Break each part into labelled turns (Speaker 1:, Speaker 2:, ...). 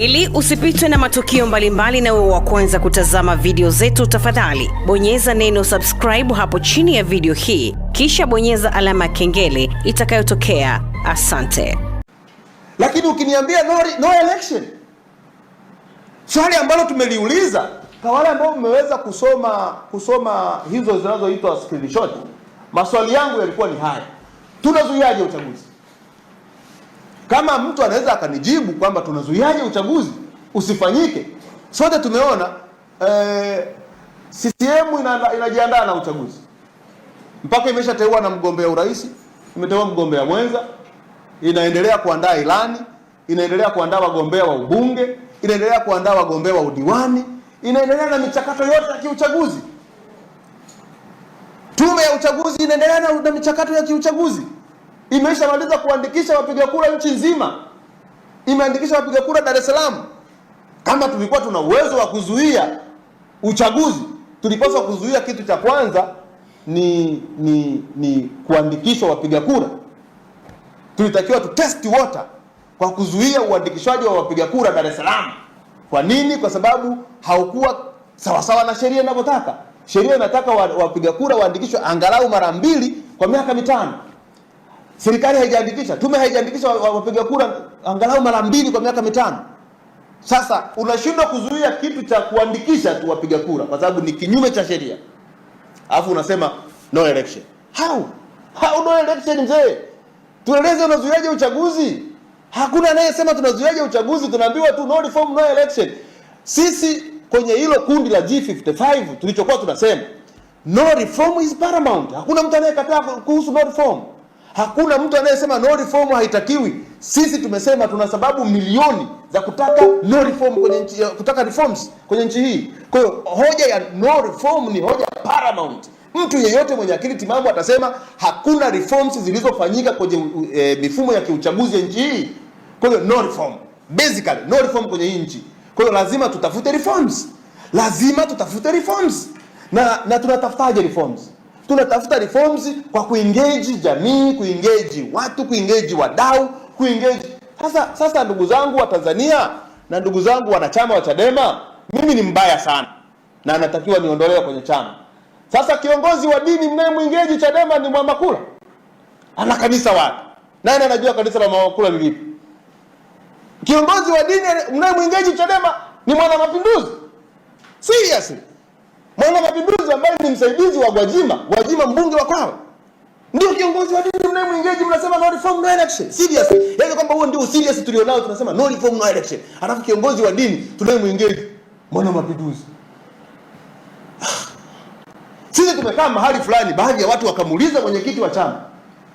Speaker 1: Ili usipitwe na matukio mbalimbali na wewe wa kwanza kutazama video zetu, tafadhali bonyeza neno subscribe hapo chini ya video hii, kisha bonyeza alama ya kengele itakayotokea. Asante.
Speaker 2: Lakini ukiniambia no, no election, swali ambalo tumeliuliza kwa wale ambao mmeweza kusoma kusoma hizo zinazoitwa screenshot, maswali yangu yalikuwa ni haya: tunazuiaje uchaguzi? Kama mtu anaweza akanijibu kwamba tunazuiaje uchaguzi usifanyike, sote tumeona eh, CCM inajiandaa na uchaguzi mpaka imeshateua na mgombea urais, imeteua mgombea mwenza, inaendelea kuandaa ilani, inaendelea kuandaa wagombea wa ubunge, inaendelea kuandaa wagombea wa udiwani, inaendelea na michakato yote ya kiuchaguzi. Tume ya uchaguzi inaendelea na michakato ya kiuchaguzi imeshamaliza kuandikisha wapiga kura nchi nzima, imeandikisha wapiga kura Dar es Salaam. Kama tulikuwa tuna uwezo wa kuzuia uchaguzi, tulipaswa kuzuia. Kitu cha kwanza ni ni ni kuandikishwa wapiga kura. Tulitakiwa tu test water kwa kuzuia uandikishwaji wa wapiga kura Dar es Salaam. Kwa nini? Kwa sababu haukuwa sawasawa na sheria inavyotaka. Sheria inataka wapiga kura waandikishwe angalau mara mbili kwa miaka mitano serikali haijaandikisha, tume haijaandikisha wapiga kura angalau mara mbili kwa miaka mitano sasa. Unashindwa kuzuia kitu cha kuandikisha tu wapiga kura kwa sababu ni kinyume cha sheria, alafu unasema no election. How? How no election? Mzee, tueleze unazuiaje uchaguzi? Hakuna anayesema tunazuiaje uchaguzi, tunaambiwa tu no reform, no election. Sisi kwenye hilo kundi la G55 tulichokuwa tunasema no reform is paramount. Hakuna mtu anayekataa kuhusu no reform. Hakuna mtu anayesema no reform haitakiwi. Sisi tumesema tuna sababu milioni za kutaka no reform kwenye nchi, eh, kutaka reforms kwenye nchi hii. Kwa hiyo hoja ya no reform ni hoja paramount. Mtu yeyote mwenye akili timamu atasema hakuna reforms zilizofanyika kwenye e, mifumo ya kiuchaguzi ya nchi hii. Kwa hiyo no reform. Basically no reform kwenye hii nchi. Kwa hiyo lazima tutafute reforms. Lazima tutafute reforms. Na na tunatafutaje reforms? tunatafuta reforms kwa kuengage jamii, kuengage watu, kuengage wadau, kuengage sasa. Sasa ndugu zangu wa Tanzania na ndugu zangu wanachama wa Chadema, mimi ni mbaya sana na natakiwa niondolewe kwenye chama. Sasa kiongozi wa dini mnayemwingeji Chadema ni Mwamakula, ana kanisa wapi? Nani anajua kanisa la Mwamakula lilipo Kiongozi wa dini mnayemwingeji Chadema ni Mwanamapinduzi. Seriously. Mwana Mapinduzi ambaye ni msaidizi wa Gwajima, Gwajima mbunge wa Kwale, ndio kiongozi wa dini mwingeji, mnasema no reform no election. Seriously, yaani kwamba huo ndio serious tulionao, tunasema no reform no election, alafu kiongozi wa dini tunaye mwingeji, Mwana Mapinduzi. Ah. Sisi tumekaa mahali fulani, baadhi ya watu wakamuuliza mwenyekiti wa chama,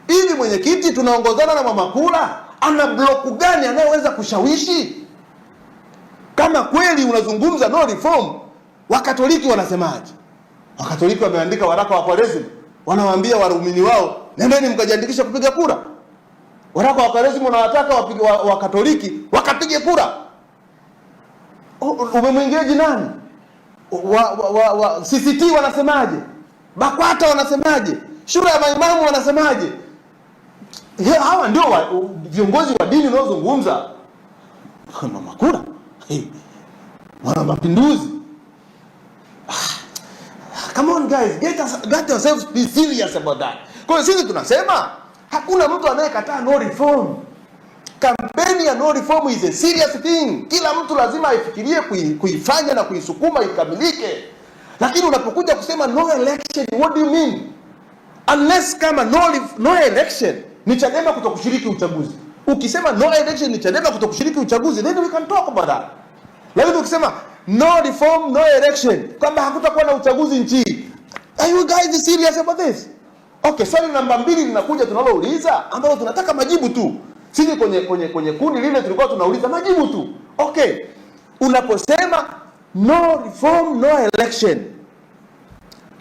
Speaker 2: hivi mwenyekiti, tunaongozana na Mwamakula, ana bloku gani anayeweza kushawishi? Kama kweli unazungumza no reform Wakatoliki wanasemaje? Wakatoliki wameandika waraka wa Kwaresima, wanawaambia waumini wao, nendeni mkajiandikisha kupiga kura. Waraka wa Kwaresima unawataka Wakatoliki wakapige kura. Umemwingiaje nani? wa, wa, wa, wa, CCT wanasemaje? BAKWATA wanasemaje? Shura ya maimamu wanasemaje? Hawa ndio viongozi wa dini unaozungumza mama kura, mwana mapinduzi Ah, come on guys, get us, get yourselves be serious about that. Kwa sisi tunasema hakuna mtu anayekataa no reform. Kampeni ya no reform is a serious thing. Kila mtu lazima aifikirie kuifanya na kuisukuma ikamilike. Lakini unapokuja kusema no election, what do you mean? Unless kama no, no election ni Chadema kutokushiriki uchaguzi. Ukisema no election ni Chadema kutokushiriki uchaguzi, then we can talk about that. Lakini ukisema no reform no election, kwamba hakutakuwa na uchaguzi nchi. Are you guys serious about this? Okay, swali namba mbili linakuja tunalouliza, ambalo tunataka majibu tu sisi. Kwenye kwenye kwenye kundi lile tulikuwa tunauliza majibu tu. Okay, unaposema no reform no election,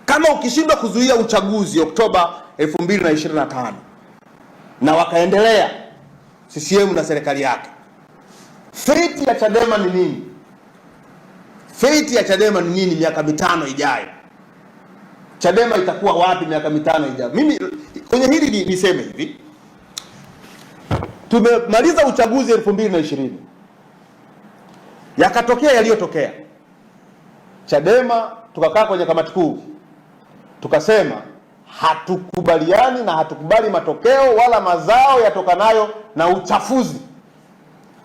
Speaker 2: kama ukishindwa kuzuia uchaguzi Oktoba 2025 na wakaendelea CCM na serikali yake, fate ya Chadema ni nini? Feiti ya Chadema ni nini miaka mitano ijayo? Chadema itakuwa wapi miaka mitano ijayo? Mimi kwenye hili niseme hivi, tumemaliza uchaguzi elfu mbili na ishirini, yakatokea yaliyotokea. Chadema tukakaa kwenye kamati kuu tukasema hatukubaliani na hatukubali matokeo wala mazao yatokanayo na uchafuzi.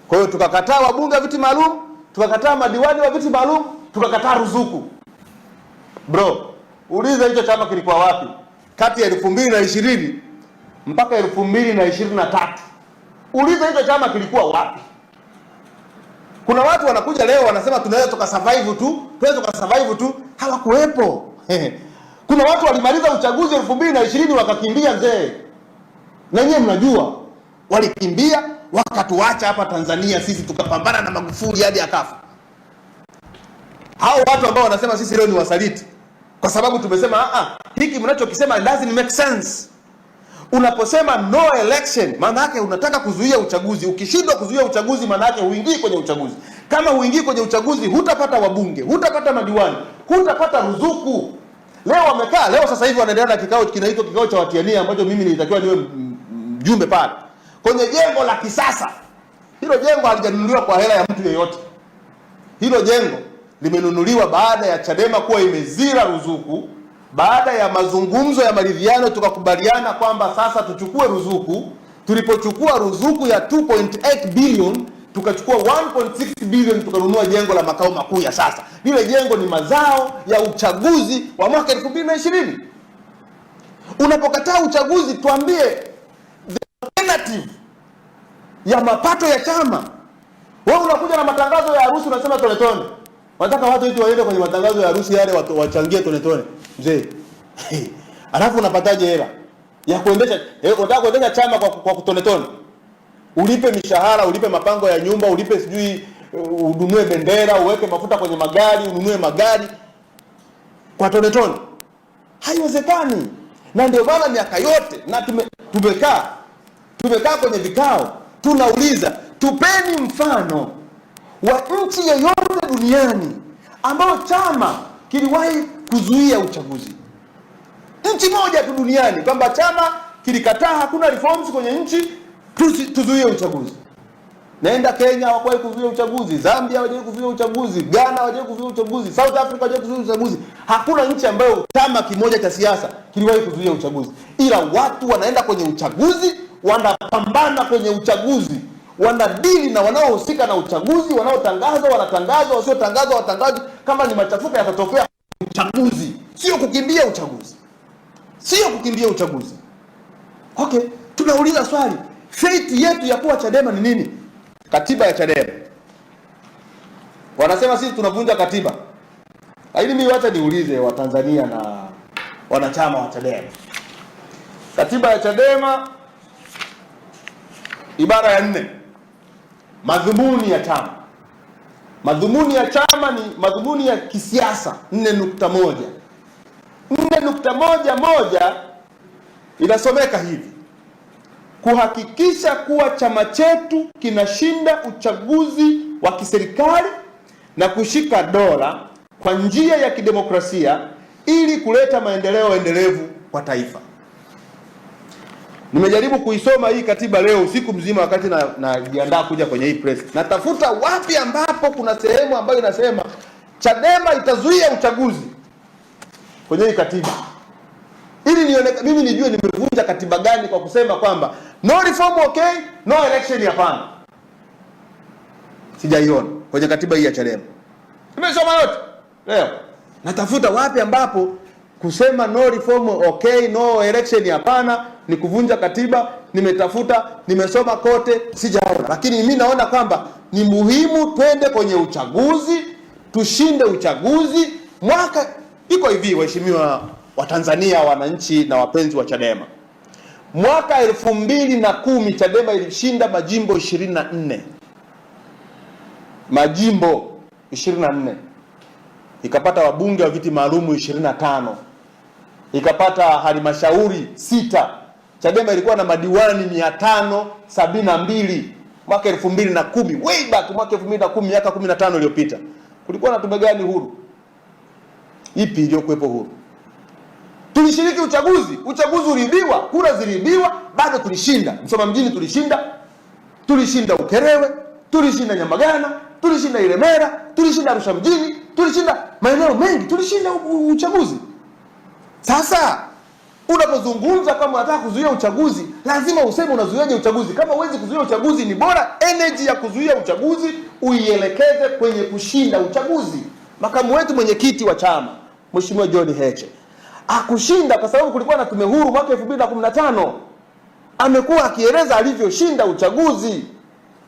Speaker 2: Kwa hiyo tukakataa wabunge wa viti maalum tukakataa madiwani wa viti maalum, tukakataa ruzuku. Bro, uliza hicho chama kilikuwa wapi kati ya elfu mbili na ishirini mpaka elfu mbili na ishirini na tatu Uliza hicho chama kilikuwa wapi? Kuna watu wanakuja leo wanasema tunaweza tukasurvive tu, tunaweza tukasurvive tu, hawakuwepo. Kuna watu walimaliza uchaguzi elfu mbili na ishirini wakakimbia, mzee, na nyewe mnajua walikimbia wakatuacha hapa Tanzania sisi tukapambana na Magufuli hadi akafa. Hao watu ambao wanasema sisi leo ni wasaliti kwa sababu tumesema a ah, a, ah, hiki mnachokisema lazima make sense. Unaposema no election, maana yake unataka kuzuia uchaguzi. Ukishindwa kuzuia uchaguzi, maana yake huingii kwenye uchaguzi. Kama huingii kwenye uchaguzi, hutapata wabunge, hutapata madiwani, hutapata ruzuku. Leo wamekaa leo, sasa hivi wanaendelea na kikao kinaitwa kikao cha watiania, ambacho mimi nilitakiwa niwe mjumbe pale kwenye jengo la kisasa. Hilo jengo halijanunuliwa kwa hela ya mtu yeyote. Hilo jengo limenunuliwa baada ya Chadema kuwa imezira ruzuku, baada ya mazungumzo ya maridhiano tukakubaliana kwamba sasa tuchukue ruzuku. Tulipochukua ruzuku ya 2.8 billion tukachukua 1.6 billion tukanunua jengo la makao makuu ya sasa. Lile jengo ni mazao ya uchaguzi wa mwaka 2020. Unapokataa uchaguzi, tuambie negative ya mapato ya chama. Wewe unakuja na matangazo ya harusi unasema tone tone. Wanataka watu wetu waende kwenye matangazo ya harusi yale watu wachangie tone tone. Mzee. Alafu unapataje hela ya kuendesha eh, unataka kuendesha chama kwa, kwa tone tone. Ulipe mishahara, ulipe mapango ya nyumba, ulipe sijui ununue bendera, uweke mafuta kwenye magari, ununue magari kwa tone tone. Haiwezekani. Na ndio maana miaka yote na tume, tumekaa tumekaa kwenye vikao, tunauliza tupeni mfano wa nchi yoyote duniani ambayo chama kiliwahi kuzuia uchaguzi. Nchi moja tu duniani kwamba chama kilikataa, hakuna reforms kwenye nchi, tuzuie uchaguzi. Naenda Kenya hawakuwahi kuzuia uchaguzi, Zambia hawajawahi kuzuia uchaguzi, Ghana hawajawahi kuzuia uchaguzi, South Africa hawajawahi kuzuia uchaguzi. Hakuna nchi ambayo chama kimoja cha siasa kiliwahi kuzuia uchaguzi, ila watu wanaenda kwenye uchaguzi wanapambana kwenye uchaguzi, wanadili na wanaohusika na uchaguzi, wanaotangaza wanatangaza, wasiotangaza watangaza. Kama ni machafuko yatatokea uchaguzi, sio kukimbia uchaguzi, sio kukimbia uchaguzi. Okay, tunauliza swali, fate yetu ya kuwa Chadema ni nini? Katiba ya Chadema wanasema sisi tunavunja katiba, lakini mimi wacha niulize Watanzania na wanachama wa Chadema, katiba ya Chadema ibara ya nne, madhumuni ya chama. Madhumuni ya chama ni madhumuni ya kisiasa 4.1. 4.1.1 inasomeka hivi: kuhakikisha kuwa chama chetu kinashinda uchaguzi wa kiserikali na kushika dola kwa njia ya kidemokrasia ili kuleta maendeleo endelevu kwa taifa. Nimejaribu kuisoma hii katiba leo usiku mzima, wakati najiandaa na kuja kwenye hii press, natafuta wapi ambapo kuna sehemu ambayo inasema Chadema itazuia uchaguzi kwenye hii katiba, ili nione mimi nijue nimevunja katiba gani kwa kusema kwamba no reform okay, no election hapana. Sijaiona kwenye katiba hii ya Chadema. Nimesoma yote leo, natafuta wapi ambapo kusema no reform okay, no election hapana ni kuvunja katiba. Nimetafuta, nimesoma kote, sijaona, lakini mimi naona kwamba ni muhimu twende kwenye uchaguzi, tushinde uchaguzi mwaka. Iko hivi, waheshimiwa wa tanzania wananchi na wapenzi wa Chadema, mwaka elfu mbili na kumi Chadema ilishinda majimbo 24 majimbo 24 ikapata wabunge wa viti maalumu 25 ikapata halmashauri sita Chadema ilikuwa na madiwani mbili mwaka kumi way back mwaka kumi miaka tano iliyopita. Kulikuwa na tume gani huru? Ipi iliyokuwepo huru? Tulishiriki uchaguzi, uchaguzi uliibiwa, kura ziliibiwa, bado tulishinda. Msoma mjini tulishinda, tulishinda Ukerewe, tulishinda Nyamagana, tulishinda Ilemera, tulishinda Arusha mjini, tulishinda maeneo mengi, tulishinda uchaguzi. Sasa Unapozungumza kama unataka kuzuia uchaguzi, lazima useme unazuiaje uchaguzi. Kama huwezi kuzuia uchaguzi, ni bora energy ya kuzuia uchaguzi uielekeze kwenye kushinda uchaguzi. Makamu wetu mwenyekiti wa chama Mheshimiwa John Heche akushinda kwa sababu kulikuwa na tume huru mwaka 2015. Amekuwa akieleza alivyoshinda uchaguzi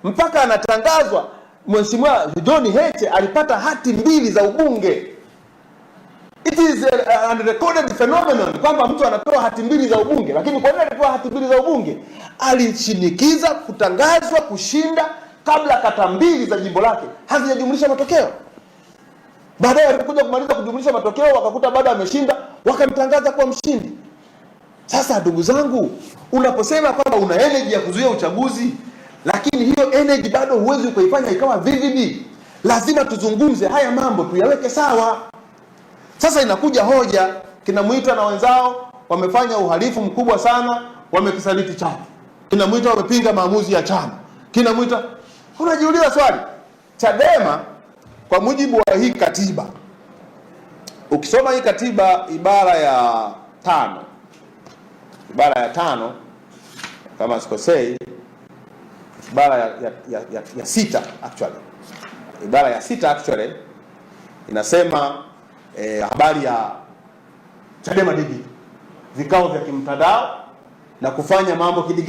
Speaker 2: mpaka anatangazwa. Mheshimiwa John Heche alipata hati mbili za ubunge It is a recorded phenomenon kwamba mtu anapewa hati mbili za ubunge, lakini kwa nini alipewa hati mbili za ubunge? Alishinikiza kutangazwa kushinda kabla kata mbili za jimbo lake hazijajumlisha matokeo. Baadaye alikuja kumaliza kujumlisha matokeo, wakakuta bado ameshinda, wakamtangaza kuwa mshindi. Sasa ndugu zangu, unaposema kwamba una energy ya kuzuia uchaguzi, lakini hiyo energy bado huwezi kuifanya ikawa vivid. Lazima tuzungumze haya mambo, tuyaweke sawa. Sasa inakuja hoja, kinamwita na wenzao wamefanya uhalifu mkubwa sana, wamekisaliti chama. kinamwita wamepinga maamuzi ya chama. kinamwita unajiuliza swali, Chadema kwa mujibu wa hii katiba, ukisoma hii katiba ibara ya tano, ibara ya tano kama sikosei, ibara ya, ya, ya, ya sita actually, ibara ya sita actually inasema eh, habari ya Chadema Digital, vikao vya kimtandao na kufanya mambo kidigitali.